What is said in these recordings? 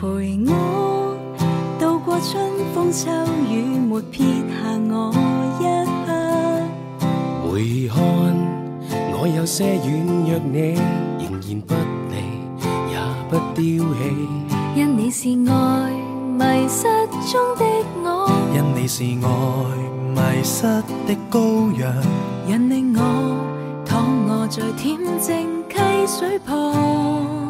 陪我渡過春風秋雨，沒撇下我一刻。回看我有些軟弱你，你仍然不離也不丟棄。因你是愛迷失中的我，因你是愛迷失的羔羊，引領我躺臥在恬靜溪水旁。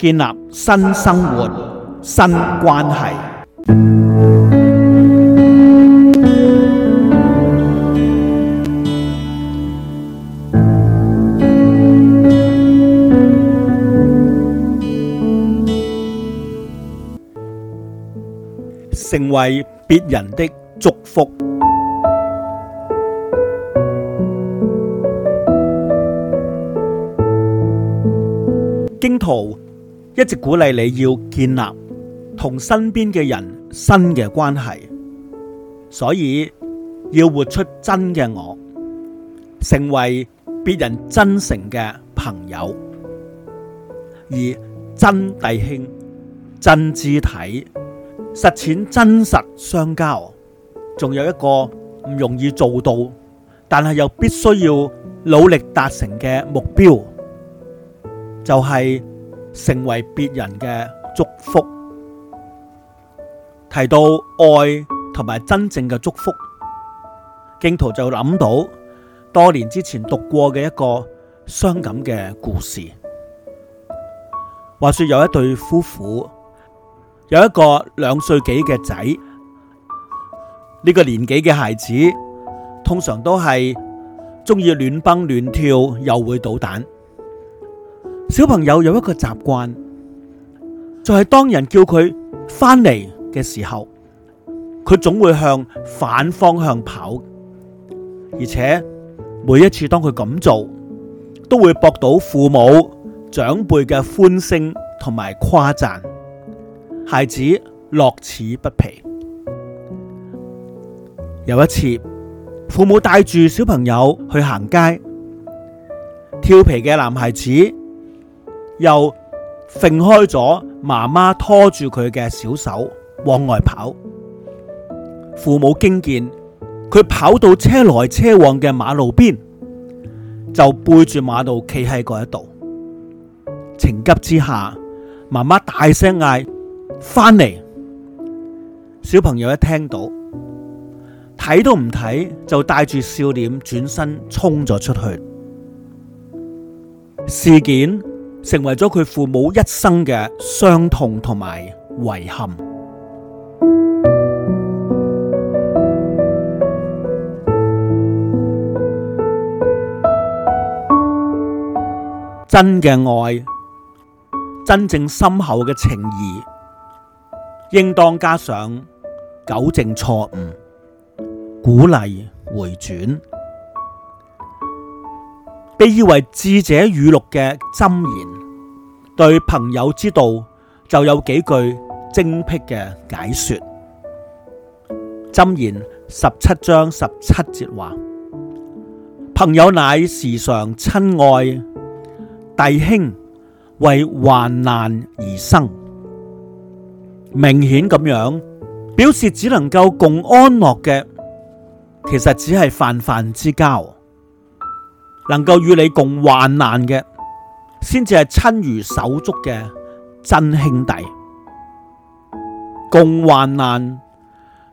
建立新生活、新關係，成為別人的祝福。荊徒。一直鼓勵你要建立同身邊嘅人新嘅關係，所以要活出真嘅我，成為別人真誠嘅朋友，而真弟兄、真肢體、實踐真實相交，仲有一個唔容易做到，但係又必須要努力達成嘅目標，就係、是。成為別人嘅祝福，提到愛同埋真正嘅祝福，荊徒就諗到多年之前讀過嘅一個傷感嘅故事。話說有一對夫婦，有一個兩歲幾嘅仔，呢、這個年紀嘅孩子通常都係中意亂蹦亂跳，又會搗蛋。小朋友有一個習慣，就係、是、當人叫佢返嚟嘅時候，佢總會向反方向跑，而且每一次當佢咁做，都會博到父母長輩嘅歡聲同埋誇讚。孩子樂此不疲。有一次，父母帶住小朋友去行街，調皮嘅男孩子，又甩開咗媽媽拖住佢嘅小手往外跑，父母驚見佢跑到車來車往嘅馬路邊，就背住馬路企喺嗰一度。情急之下，媽媽大聲嗌：翻嚟！小朋友一聽到，睇都唔睇，就帶住笑臉轉身衝咗出去。事件。成為咗佢父母一生嘅傷痛同埋遺憾。真嘅愛，真正深厚嘅情誼，應當加上糾正錯誤、鼓勵回轉。被譽為智者語錄嘅箴言，對朋友之道就有幾句精闢嘅解說。箴言十七章十七節話：朋友乃時常親愛，弟兄為患難而生。明顯咁樣表示，只能夠共安樂嘅，其實只係泛泛之交。能夠與你共患難嘅，先至係親如手足嘅真兄弟。共患難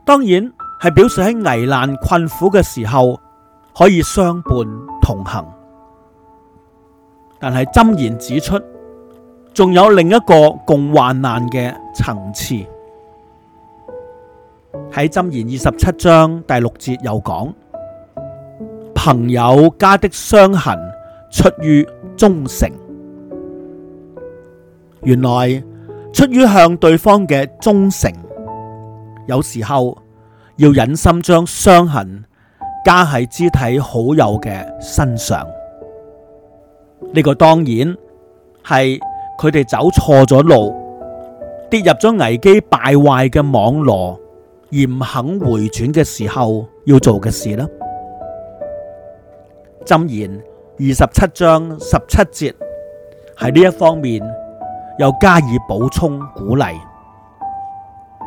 當然係表示喺危難困苦嘅時候可以相伴同行，但係箴言指出，仲有另一個共患難嘅層次。喺箴言二十七章第六節又講。朋友加的傷痕，出於忠誠。原來出於向對方嘅忠誠，有時候要忍心將傷痕加喺肢體好友嘅身上。呢個當然係佢哋走錯咗路，跌入咗危機敗壞嘅網羅而唔肯回轉嘅時候要做嘅事啦。箴言二十七章十七節，喺呢一方面又加以補充鼓勵。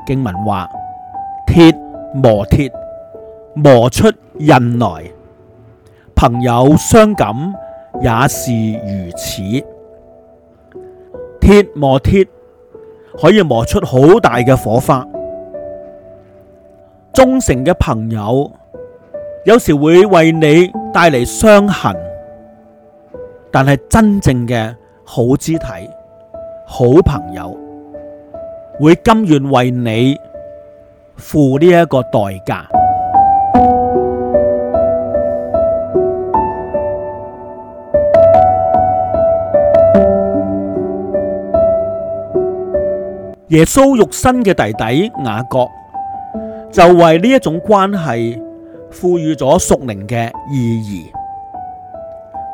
經文話：鐵磨鐵磨出刃來，朋友相感也是如此。鐵磨鐵可以磨出好大嘅火花，忠誠嘅朋友有時會為你。帶嚟傷痕，但係真正嘅好肢體、好朋友，會甘願為你付呢一個代價。耶穌肉身嘅弟弟雅各，就為呢一種關係。賦予咗屬靈嘅意義。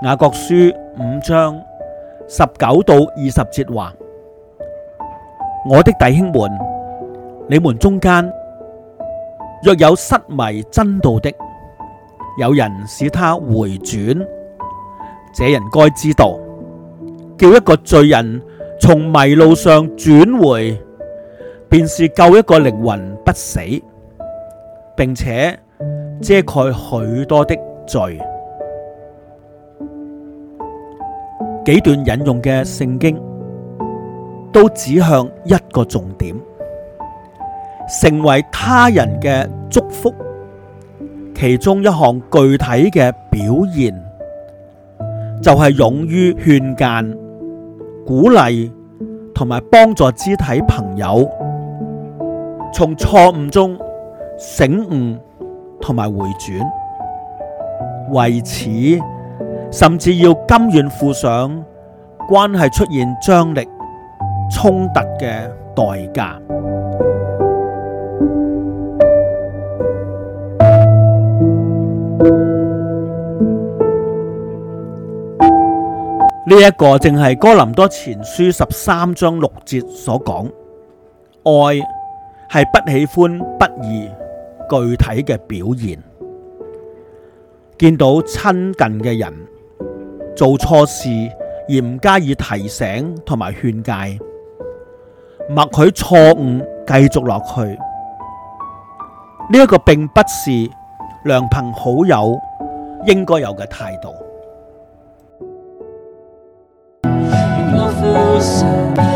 雅各書五章十九到二十節話：「我的弟兄們，你們中間若有失迷真道的，有人使他回轉，這人該知道，叫一個罪人從迷路上轉回，便是救一個靈魂不死，並且。遮蓋許多的罪。幾段引用嘅聖經都指向一個重點，成為他人嘅祝福。其中一項具體嘅表現就係勇於勸諫、鼓勵同埋幫助肢體朋友，從錯誤中醒悟。同埋回轉，為此甚至要甘願付上關係出現張力、衝突嘅代價。呢一個正係哥林多前書十三章六節所講：愛係不喜歡不，不義。具體嘅表現，見到親近嘅人做錯事而唔加以提醒同埋勸誡，默許錯誤繼續落去，呢一個並不是良朋好友應該有嘅態度。